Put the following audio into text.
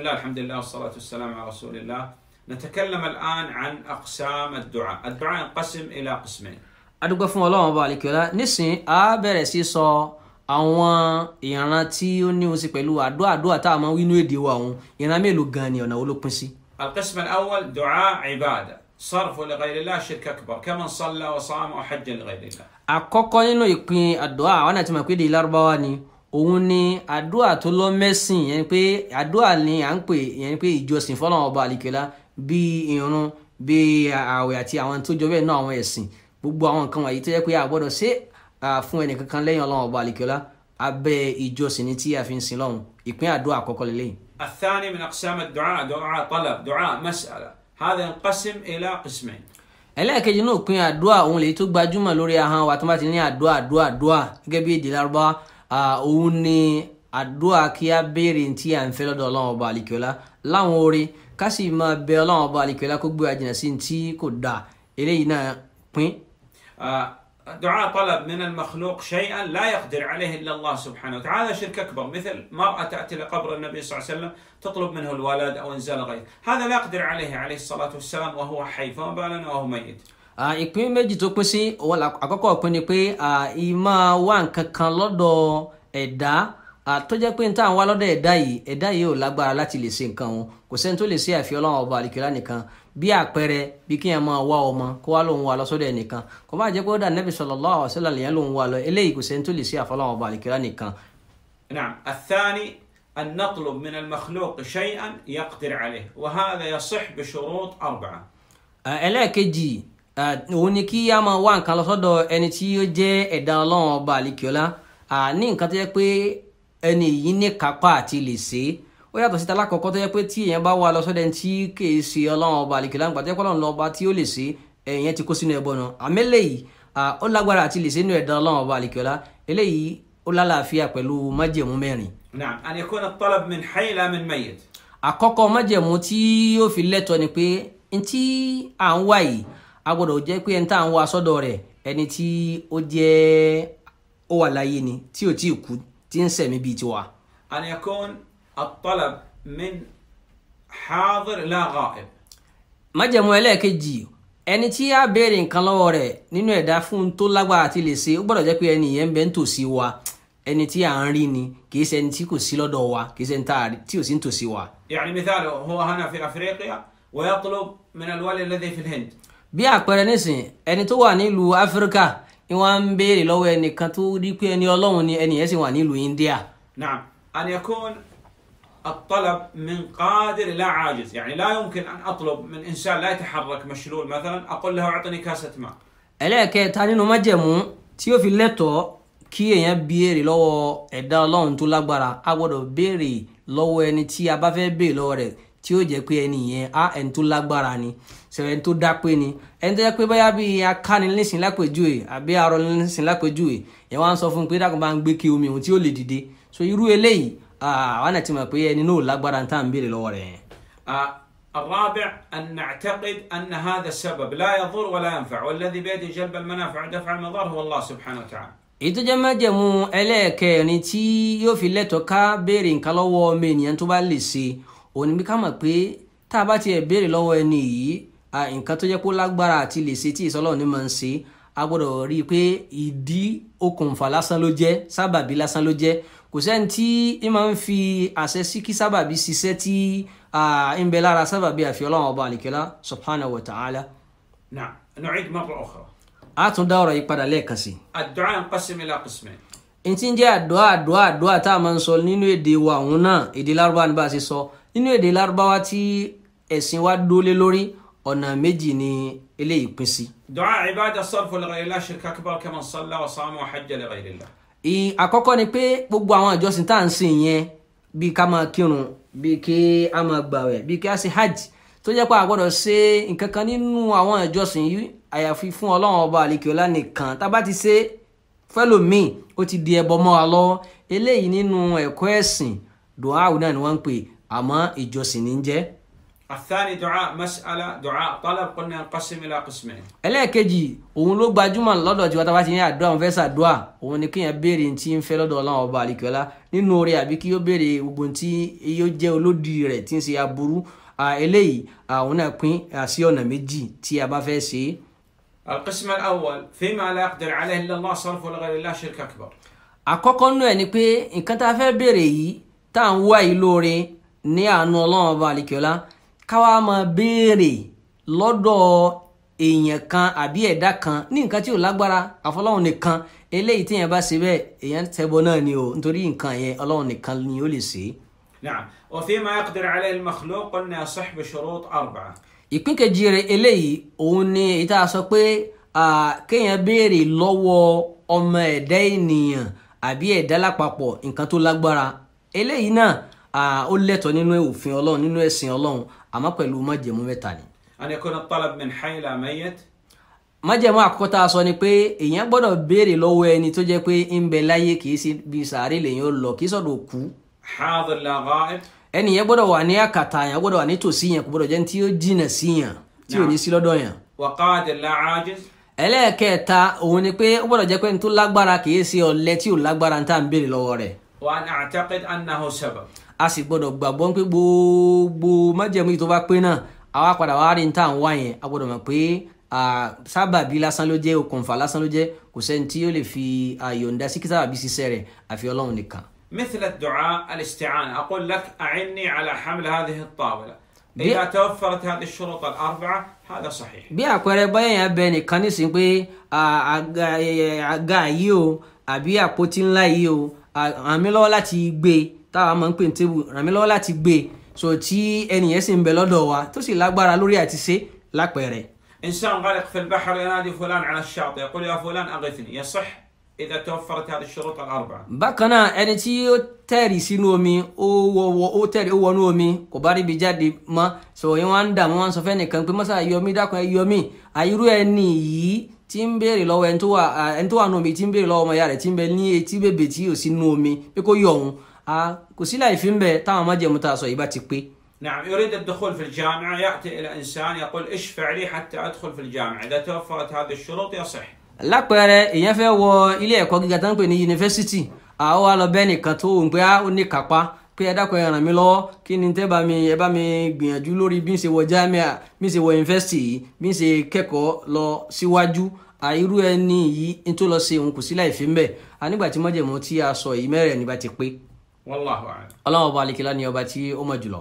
الله الحمد لله والصلاة والسلام على رسول الله نتكلم الآن عن أقسام الدعاء الدعاء ينقسم إلى قسمين adúgbò fún ọlọ́run ọba àlekíọ́lá nísìn á bẹ̀rẹ̀ sí sọ àwọn ìran tí ó ní ohun sí pẹ̀lú àdúrà àdúrà tá a inú èdè wa òun ìran mélòó gan ni ọ̀nà wo ló pín sí. القسم الأول دعاء عبادة صرف لغير الله شرك أكبر كمن صلى وصام وحج لغير الله. àkọ́kọ́ nínú ìpín àdúrà àwọn àti màpéde lárúbáwá ni òun ni àdúrà tó lọ mẹ́sìn yẹn pé àdúrà ni à ń pè yẹn pé ìjọsìn fọlọ́run ọba àlìkẹ́lá bíi irun bíi ààwẹ̀ àti àwọn tó jọ bẹ́ẹ̀ náà àwọn ẹ̀sìn gbogbo àwọn nǹkan wọ̀nyí tó yẹ pé a gbọ́dọ̀ ṣe fún ẹnìkankan lẹ́yìn ọlọ́run ọba àlìkẹ́lá abẹ́ ìjọsìn ni tí a fi ń sin lọ́run ìpín àdúrà àkọ́kọ́ lélẹ́yìn. الثاني من أقسام الدعاء دعاء طلب دعاء مسألة هذا ينقسم إلى قسمين ẹlẹ́ẹ̀kejì náà pín àdúrà òun lèyí tó gbajúmọ̀ lórí ahọ́n wa tó bá ti ní àdúrà àdúrà àdúrà gẹ́gẹ́ bí èdè lárúbáwá òun ni àdúrà kí a béèrè tí à ọba àlìkíọ́lá láwọn oore ká sì bẹ lan ọba àlìkíọ́lá kó gbé àjìnà sí tí kò dáa eléyìí náà pín. دعاء طلب من المخلوق شيئا لا يقدر عليه الا الله سبحانه وتعالى شرك اكبر مثل مراه تاتي لقبر النبي صلى الله عليه وسلم تطلب منه الولد او انزال غيث هذا لا يقدر عليه عليه الصلاه والسلام وهو حي فما بالنا وهو ميت ìpín méjì tó pín sí òun àkọ́kọ́ ìpín ni pé ìmọ̀ wá nǹkan kan lọ́dọ̀ ẹ̀dá tó jẹ́ pé níta wá lọ́dọ̀ ẹ̀dá yìí ẹ̀dá yìí ò lágbára láti lè ṣe nǹkan òun kò sẹ́ni tó lè ṣe àfi Ọlọ́run ọba àlìkìlá nìkan bí àpẹẹrẹ bí kí yẹn máa wá ọmọ kó wá lòun wá lọ sọ́dọ̀ ẹnìkan kò má jẹ́ pé ó dà nẹ́bí sallallahu alaihi wasallam نعم الثاني أن نطلب من المخلوق شيئا يقدر عليه وهذا يصح بشروط أربعة. ẹlẹ́ẹ̀kejì Uh, òun ni kí a máa wá nǹkan lọ sọ́dọ̀ ẹni tí ó jẹ́ ẹ̀dá ọlọ́run ọba àlekíọ́lá ní nǹkan tó yẹ pé ẹni yìí ní kápá àti lè ṣe é ó yàtọ̀ síta lákọ̀ọ́kọ́ tó yẹ pé tí èèyàn bá wà lọ sọ́dọ̀ ẹni tí kìí ṣe ọlọ́run ọba àlekíọ́lá nígbà tó yẹ pé ọlọ́run lọ́ba tí ó lè ṣe é èèyàn ti kó sínú ẹbọ náà àmẹ́lẹ́yìí ó lágbára àti lè ṣe é nínú ẹ̀dá a gbọ́dọ̀ jẹ́ pé ẹni tá à ń wá sọ́dọ̀ rẹ̀ ẹni tí ó jẹ́ ó wà láyé ni tí ò tí ì kú tí ń sẹ̀mí bíi tiwa. an yakun at-talab min hadir la májẹ̀mú ẹlẹ́ẹ̀kejì ẹni tí a béèrè nǹkan lọ́wọ́ rẹ̀ nínú ẹ̀dá fún tó lágbára àti lè ṣe ó gbọ́dọ̀ jẹ́ pé ẹni yẹn ń bẹ nítòsí wa ẹni tí à ń rí ni kìí ṣe ẹni tí kò sí lọ́dọ̀ wa kìí ṣe ẹni tí ò sí nítòsí wa. يعني مثال هو هنا في أفريقيا ويطلب من الولي الذي في الهند bí àpẹẹrẹ nísìn ẹni tó wà nílùú áfíríkà ni wọn ń béèrè lọ́wọ́ ẹnìkan tó rí pé ẹni Ọlọ́run ni ẹni sì wà nílùú India. Naam, an yakun الطلب من قادر لا عاجز يعني لا يمكن أن أطلب من إنسان لا يتحرك مشلول مثلا أقول له أعطني كاسة ماء ẹlẹ́ẹ̀kẹta nínú májẹ̀mú tí ó fi lẹ́tọ̀ọ́ kí èèyàn béèrè lọ́wọ́ ẹ̀dá ọlọ́run tó lágbára a gbọ́dọ̀ béèrè lọ́wọ́ ẹni tí a bá fẹ́ béèrè lọ́wọ́ rẹ̀ tí ó jẹ́ pé ẹni yẹn á ẹni tó lágbára ni sẹ̀rẹ̀ ẹni tó dápé ni ẹni tó jẹ́ pé bóyá bíi akánilẹ́sìn lápèjúwe àbí arọlẹ́sìn lápèjúwe yẹn wá sọ fún un pé dákun ń gbé ke omi òun tí ó lè dìde so irú eléyìí àwọn àti mọ̀ pé ẹni náà lágbára ní tá à lọ́wọ́ rẹ̀ الرابع أن نعتقد أن هذا السبب لا يضر ولا ينفع والذي بيده جلب المنافع ودفع المضار هو الله سبحانه وتعالى ètò jẹ́ májẹ̀mú ẹlẹ́ẹ̀kẹrin tí yóò fi lẹ́tọ̀ọ́ ká béèrè nǹkan lọ́wọ́ ọmọ ènìyàn tó bá lè ṣe òní bí ká mọ̀ pé tá a bá tiẹ̀ béèrè lọ́wọ́ ẹni yìí nǹkan tó jẹ́ pé ó lágbára àti lè ṣe tí ìsọlọ́ọ̀ ni máa ń ṣe a gbọ́dọ̀ rí i pé ìdí okùnfà lásán ló jẹ́ sábàbí lásán ló jẹ́ kò sẹ́ni tí ẹ máa ń fi àṣẹ sí kí sábàbí ṣiṣẹ́ tí ń bẹ lára sábàbí àfi Ọlọ́run ọba àlìkẹ́lá subhanahu wa ta'ala. na'am nu'id marra ukhra. a tún dá ọ̀rọ̀ yìí padà lẹ́ẹ̀kan sí. ad-du'a yanqasimu ila qismayn n ti ń jẹ́ àdúrà àdúrà àdúrà tá a máa ń sọ nínú èdè wa òun náà èdè lárúbá ni bá a ṣe sọ nínú èdè lárúbáwá tí ẹ̀sìn wa dólé lórí ọ̀nà méjì ni eléyìí pín sí. du'a ibada sarfu li ghayrillah shirka akbar kaman salla wa sama wa hajja li ghayrillah. àkọ́kọ́ ni pé gbogbo àwọn ìjọsìn tá à ń sìn yẹn bíi ká máa kírun bíi kí a máa gbàwẹ̀ bíi kí a ṣe hajj tó jẹ́ pé a gbọ́dọ̀ ṣe nǹkan kan nínú àwọn ìjọsìn yìí àyàfi fún ọlọ́run ọba àlekèọ́lá nìkan tá a bá ti ṣe fẹ́lòmíì ó ti di ẹbọ mọ́ wa lọ́wọ́ eléyìí nínú ẹ̀kọ́ ẹ̀sìn du'a náà ni wọ́n ń pè àmọ́ ìjọsìn ní jẹ́. الثاني دعاء مسألة دعاء طلب قلنا ينقسم إلى قسمين. ẹlẹ́ẹ̀kejì òun ló gbajúmọ̀ lọ́dọ̀ tí wọ́n tá bá ti ní àdúrà òun fẹ́ ṣàdúrà òun ni kéèyàn béèrè ní tí ń fẹ́ lọ́dọ̀ ọlọ́run ọba àlìkọ́lá nínú oore àbí kí ó béèrè gbogbo tí yóò jẹ́ olódì rẹ̀ tí ń ṣe aburú eléyìí òun náà pín sí ọ̀nà méjì tí a bá fẹ́ ṣe. القسم الأول فيما لا يقدر عليه إلا الله صرفه لغير الله شرك أكبر. àkọ́kọ́ nú ẹ̀ ni pé nǹkan tá a fẹ́ béèrè yìí tá à ń wá yìí lóore ní àánú ọlọ́run ọba àlekèọ́lá káwa máa béèrè lọ́dọ̀ èèyàn kan àbí ẹ̀dá kan ní nǹkan tí ò lágbára àfọlọ́run nìkan eléyìí tí èèyàn bá ṣe bẹ́ẹ̀ èèyàn tẹ́bọ náà ni o nítorí nǹkan yẹn ọlọ́run nìkan ni ó lè ṣe. نعم وفيما يقدر عليه المخلوق قلنا صحب شروط أربعة ìpín kejì rẹ̀ eléyìí òun ni ìta sọ pé kéèyàn béèrè lọ́wọ́ ọmọ ẹ̀dá ènìyàn àbí ẹ̀dá lápapọ̀ nǹkan tó lágbára eléyìí náà ó lẹ́tọ̀ọ́ nínú òfin ọlọ́run nínú ẹ̀sìn ọlọ́run àmọ́ pẹ̀lú májẹ̀mú mẹ́ta ni. an yakuna talab min hayla mayyit. májẹ̀mú àkọ́kọ́ tá a sọ ni pé èèyàn gbọ́dọ̀ béèrè lọ́wọ́ ẹni tó jẹ́ pé ń bẹ láyé kì í sí bí sàárè lèyìn ó lọ kì í sọ̀dọ̀ kú. hadir la ghaib. ẹni yẹn gbọ́dọ̀ wà ní àkàtà yẹn gbọ́dọ̀ wà ní tòsí yẹn kò gbọ́dọ̀ ẹlẹ́ẹ̀kẹta òun ni pé ó gbọ́dọ̀ jẹ́ pé ní tó lágbára kì í sí ọ̀lẹ tí ò lágbára ní tá ń béèrè lọ́wọ́ rẹ̀. wa an a'taqid annahu sabab a sì gbọ́dọ̀ gbàgbọ́ pé gbogbo májẹ̀mú yìí tó bá pé náà àwa padà wá rí níta àwọn àyẹn a gbọ́dọ̀ mọ̀ pé sábàbí lásán ló jẹ́ okùnfà lásán ló jẹ́ kò sẹ́ni tí yóò lè fi àyọ̀ǹda sí kí sábàbí ṣiṣẹ́ rẹ̀ àfi Ọlọ́run nìkan. مثل الدعاء الاستعانة أقول لك أعني على حمل هذه الطاولة إذا توفرت هذه الشروط الأربعة هذا صحيح. bí àpẹẹrẹ báyẹn yẹn bẹ nìkan nísìnyí pé àga yìí o àbí àpótí ńlá yìí o àmì lọ́wọ́ láti gbé táwa máa ń pè ní tébù ràn mí lọ́wọ́ láti gbé e so tí ẹnìyẹn sì ń bẹ lọ́dọ̀ wa tó sì lágbára lórí àti ṣe lápẹẹrẹ. إنسان غرق في البحر ينادي فلان على الشاطئ يقول يا فلان أغثني يصح إذا توفرت هذه الشروط الأربعة. bákan náà ẹni tí ó tẹ̀rì sínú omi ó wọ ó tẹ̀rì ó wọnú omi kò bá rí ibi jáde mọ́ sọ yín wá ń dààmú wọn sọ fẹ́nìkan pé mọ́sá yọmí dákun ẹ yọmí àyírú ẹni yìí tí ń béèrè lọ́wọ́ ẹni tó wà ẹni tó wà nù omi tí ń béèrè lọ́wọ́ ọmọ ìyá rẹ̀ tí ń bẹ ní etí bèbè tí yóò sínú omi pé kó yọ òun kò sí láì fi ń bẹ táwọn májẹ̀mú tá a sọ yìí bá ti pé. نعم يريد الدخول في الجامعة يأتي إلى إنسان يقول اشفع لي حتى أدخل في الجامعة إذا توفرت هذه الشروط يصح lápẹẹrẹ èèyàn fẹ́ wọ ilé ẹ̀kọ́ gíga tó ń pè ní yunifásitì àwọn wa lọ bẹ́ẹ̀ nìkan tó ń pé ó ní kápá pé ẹ dákun ẹ ràn mí lọ́wọ́ kí ni tẹ́ mi ẹ bá mi gbìyànjú lórí bí n ṣe wọ jámíà bí n ṣe wọ yunifásitì yìí bí n ṣe kẹ́kọ̀ọ́ lọ síwájú àìrú ẹni yìí n tó lọ ṣe òun kò sí láì fi ń bẹ̀ nígbà tí mọ́jẹ̀mọ́ tí a sọ yìí ti pé wallahu a'lam. ọlọ́wọ́ bá alikẹ́lá ni ọba tí ó mọ̀ jùlọ.